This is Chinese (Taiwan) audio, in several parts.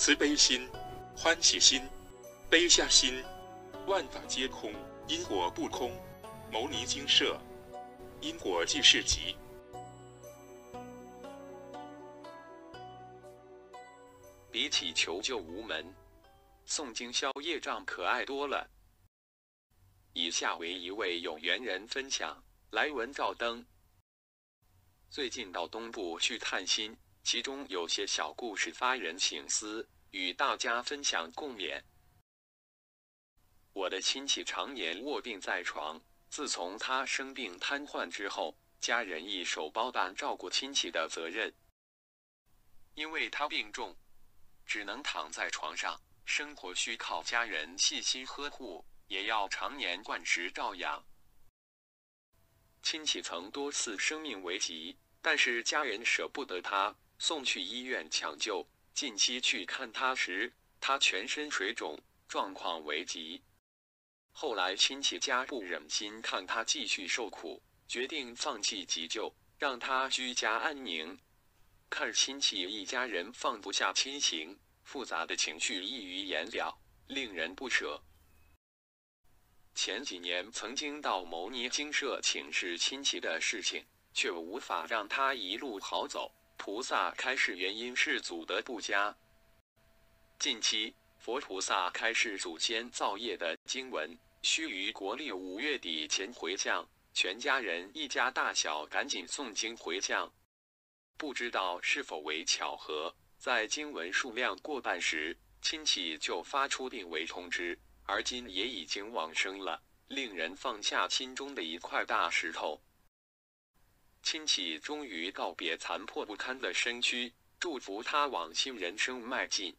慈悲心、歡喜心、悲下心，萬法皆空，因果不空。《牟尼精舍因果濟世集》。比起求救無門，誦經消業障可愛多了。以下為一位有緣人分享：“來文照登，最近到東部去探親。”其中有些小故事發人省思，與大家分享共勉。我的親戚常年臥病在床，自從他生病癱瘓之後，家人一手包辦照顧親戚的責任。因為他病重，只能躺在床上，生活需靠家人細心呵護，也要常年灌食照養。親戚曾多次生命危急，但是家人捨不得他送去醫院搶救。近期去看他時，他全身水腫，狀況危急。後來親戚家不忍心看他繼續受苦，決定放棄急救，讓他居家安寧。看親戚一家人放不下親情，複雜的情緒溢於言表，令人不捨。前幾年曾經到牟尼精舍請示親戚的事情，卻無法讓他一路好走。菩薩開示原因是祖德不佳。近期佛菩薩開示祖先造業的經文，須於國曆五月底前回向，全家人一家大小趕緊誦經回向。不知道是否為巧合，在經文數量過半時，親戚就發出病危通知，而今也已經往生了，令人放下心中的一塊大石頭。親戚終於告別殘破不堪的身軀，祝福他往新人生邁進。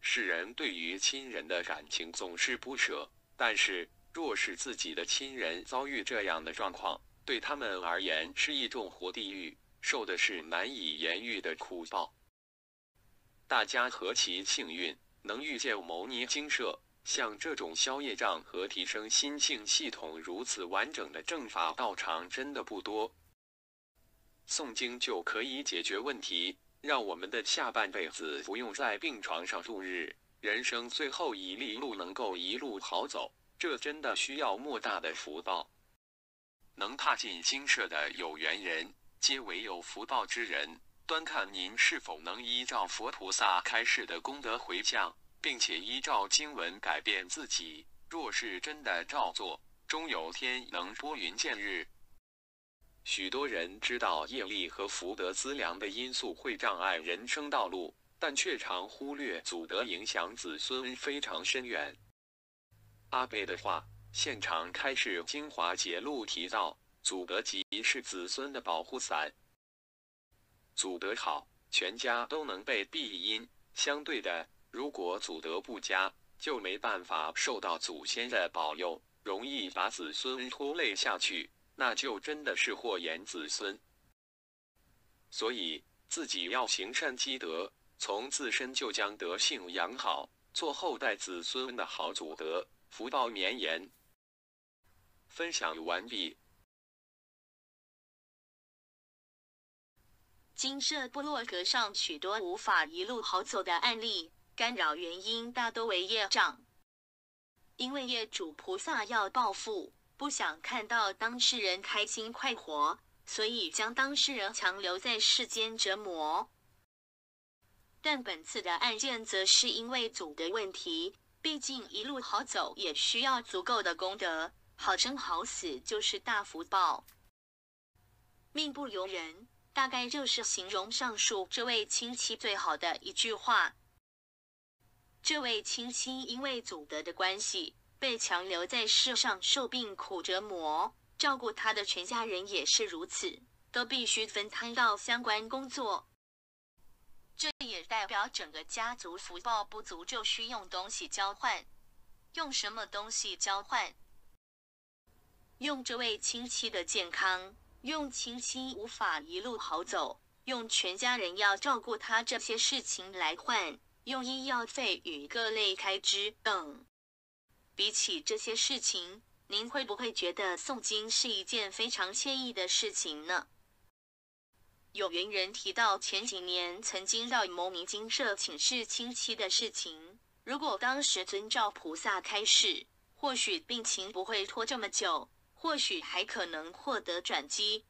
世人對於親人的感情總是不捨，但是若是自己的親人遭遇這樣的狀況，對他們而言是一種活地獄，受的是難以言喻的苦報。大家何其幸運，能遇見牟尼精舍，像這種消業障和提升心性系統如此完整的正法道場，真的不多。誦經就可以解決問題，讓我們的下半輩子不用在病床上度日，人生最後一里路能夠一路好走，這真的需要莫大的福報。能踏進精舍的有緣人，皆為有福報之人。端看您是否能依照佛菩薩開示的功德回向，並且依照經文改變自己。若是真的照做，終有天能撥雲見日。許多人知道業力和福德資糧的因素會障礙人生道路，但卻常忽略祖德影響子孫非常深遠。阿伯的話，現場開示精華節錄提到，祖德即是子孫的保護傘，祖德好，全家都能被庇蔭；相對的，如果祖德不佳，就沒辦法受到祖先的保佑，容易把子孫拖累下去。那就真的是禍延子孫，所以自己要行善積德，從自身就將德性養好，做後代子孫的好祖德，福報綿延。分享完畢。精舍部落格上許多無法一路好走的案例，干擾原因大多為業障，因為業主菩薩要報復。不想看到當事人開心快活，所以將當事人強留在世間折磨。但本次的案件則是因為祖德問題，畢竟一路好走也需要足夠的功德，好生好死就是大福報。命不由人，大概就是形容上述這位親戚最好的一句話。這位親戚因為祖德的關係，被強留在世上受病苦折磨，照顧他的全家人也是如此，都必須分攤到相關工作。這也代表整個家族福報不足，就需用東西交換。用什麼東西交換？用這位親戚的健康，用親戚無法一路好走，用全家人要照顧他這些事情來換，用醫藥費與各類開支等。比起這些事情，您會不會覺得誦經是一件非常愜意的事情呢？有緣人提到前幾年曾經到牟尼精舍請示親戚的事情，如果當時遵照菩薩開示，或許病情不會拖這麼久，或許還可能獲得轉機。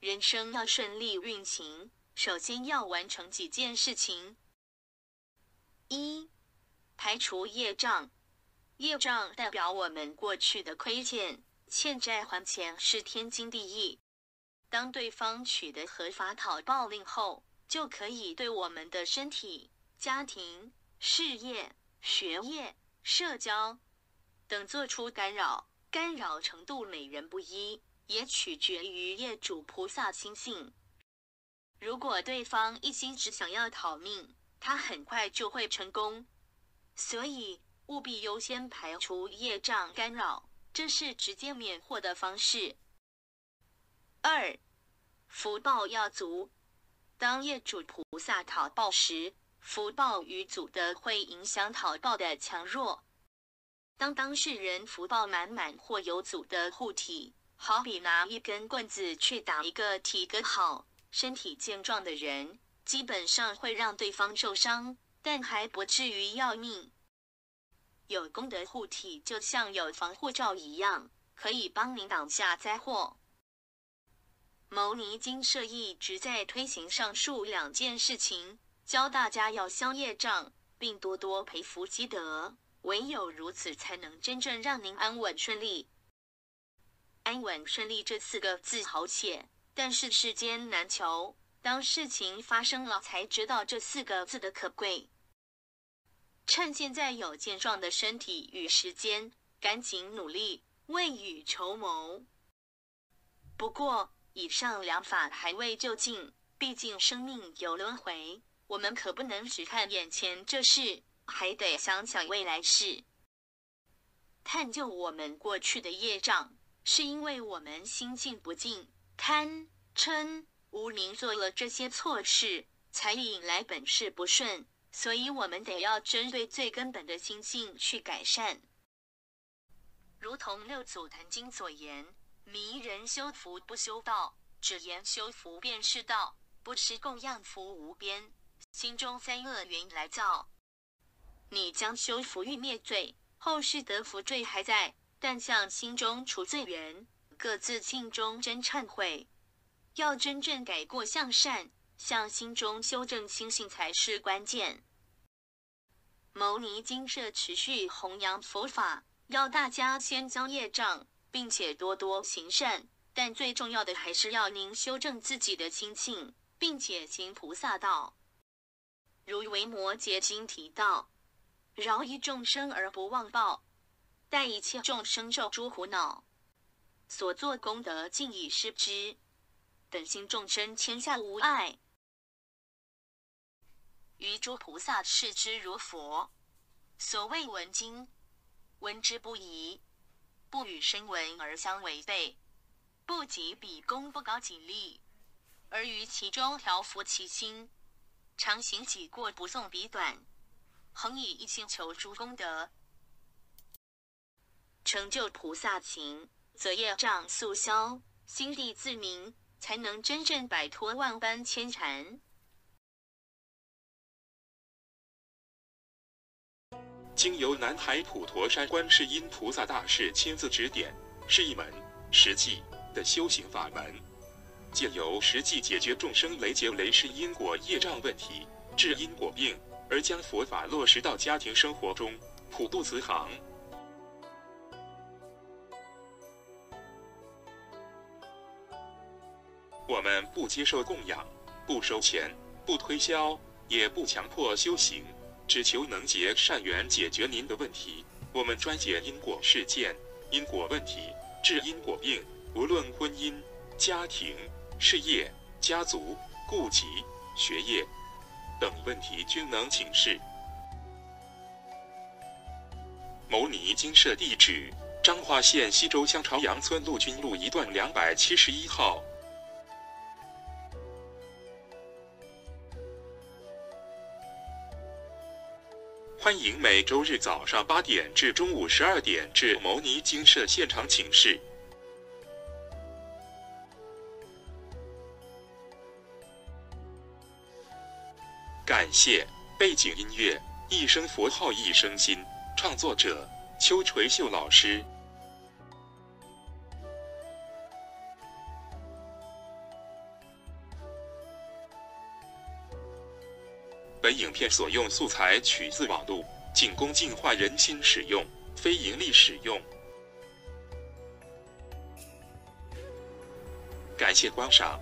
人生要順利運行，首先要完成幾件事情：一、排除業障。業障代表我們過去的虧欠，欠債還錢是天經地義。當對方取得合法討報令後，就可以對我們的身體、家庭、事業、學業、社交等做出干擾，干擾程度每人不一，也取決於業主菩薩心性。如果對方一心只想要討命，他很快就會成功。所以。務必優先排除業障干擾，這是直接免禍的方式。二，福報要足。當業主菩薩討報時，福報與祖德會影響討報的強弱。當當事人福報滿滿，滿或有祖德護體，好比拿一根棍子去打一個體格好、身體健壯的人，基本上會讓對方受傷，但還不至於要命。有功德護體，就像有防護罩一樣，可以幫您擋下災禍。牟尼精舍一直在推行上述兩件事情，教大家要消業障，並多多培福積德。唯有如此，才能真正讓您安穩順利。安穩順利這四個字好寫，但是世間難求。當事情發生了，才知道這四個字的可貴。趁現在有健壯的身體與時間，趕緊努力，未雨綢繆。不過，以上兩法還未究竟，畢竟生命有輪迴，我們可不能只看眼前這事，還得想想未來事。探究我們過去的業障，是因為我們心境不淨，貪嗔無明，做了這些錯事，才引來本世不順。所以，我們得要針對最根本的心性去改善。如同六祖壇經所言：“迷人修福不修道，只言修福便是道；不識供養福無邊，心中三惡元來造。你將修福欲滅罪，後世得福罪還在；但向心中除罪緣，各自性中真懺悔。要真正改過向善。”向心中修正心性才是關鍵。牟尼精舍持續弘揚佛法，要大家先消業障，並且多多行善。但最重要的還是要您修正自己的心性，並且行菩薩道。如《維摩詰經》提到：“饒益眾生而不望報，代一切眾生受諸苦惱，所作功德盡以施之，等心眾生謙下無礙。”於諸菩薩視之如佛。所謂聞經，聞之不疑，不與聲聞而相違背，不及彼功不高己利，而於其中調伏其心，常行己過不縱彼短，恆以一心求諸功德，成就菩薩行。則業障速消，心地自明，才能真正擺脫萬般牽纏。經由南海普陀山觀世音菩薩大士親自指點，是一門實際的修行法門，借由實際解決眾生累劫累世因果業障問題，治因果病，而將佛法落實到家庭生活中。普渡慈航，我們不接受供養，不收錢，不推銷，也不強迫修行。只求能結善緣，解決您的問題。我們專解因果事件、因果問題，治因果病。無論婚姻、家庭、事業、家族、痼疾、學業等問題，均能請示。牟尼精舍地址：彰化縣西周鄉朝陽村陸軍路一段兩百七十一號。歡迎每周日早上八點至中午十二點至牟尼精舍現場請示。感謝背景音樂《一聲佛號一聲心》，創作者邱垂秀老師。本影片所用素材取自網絡，僅供淨化人心使用，非盈利使用。感謝觀賞。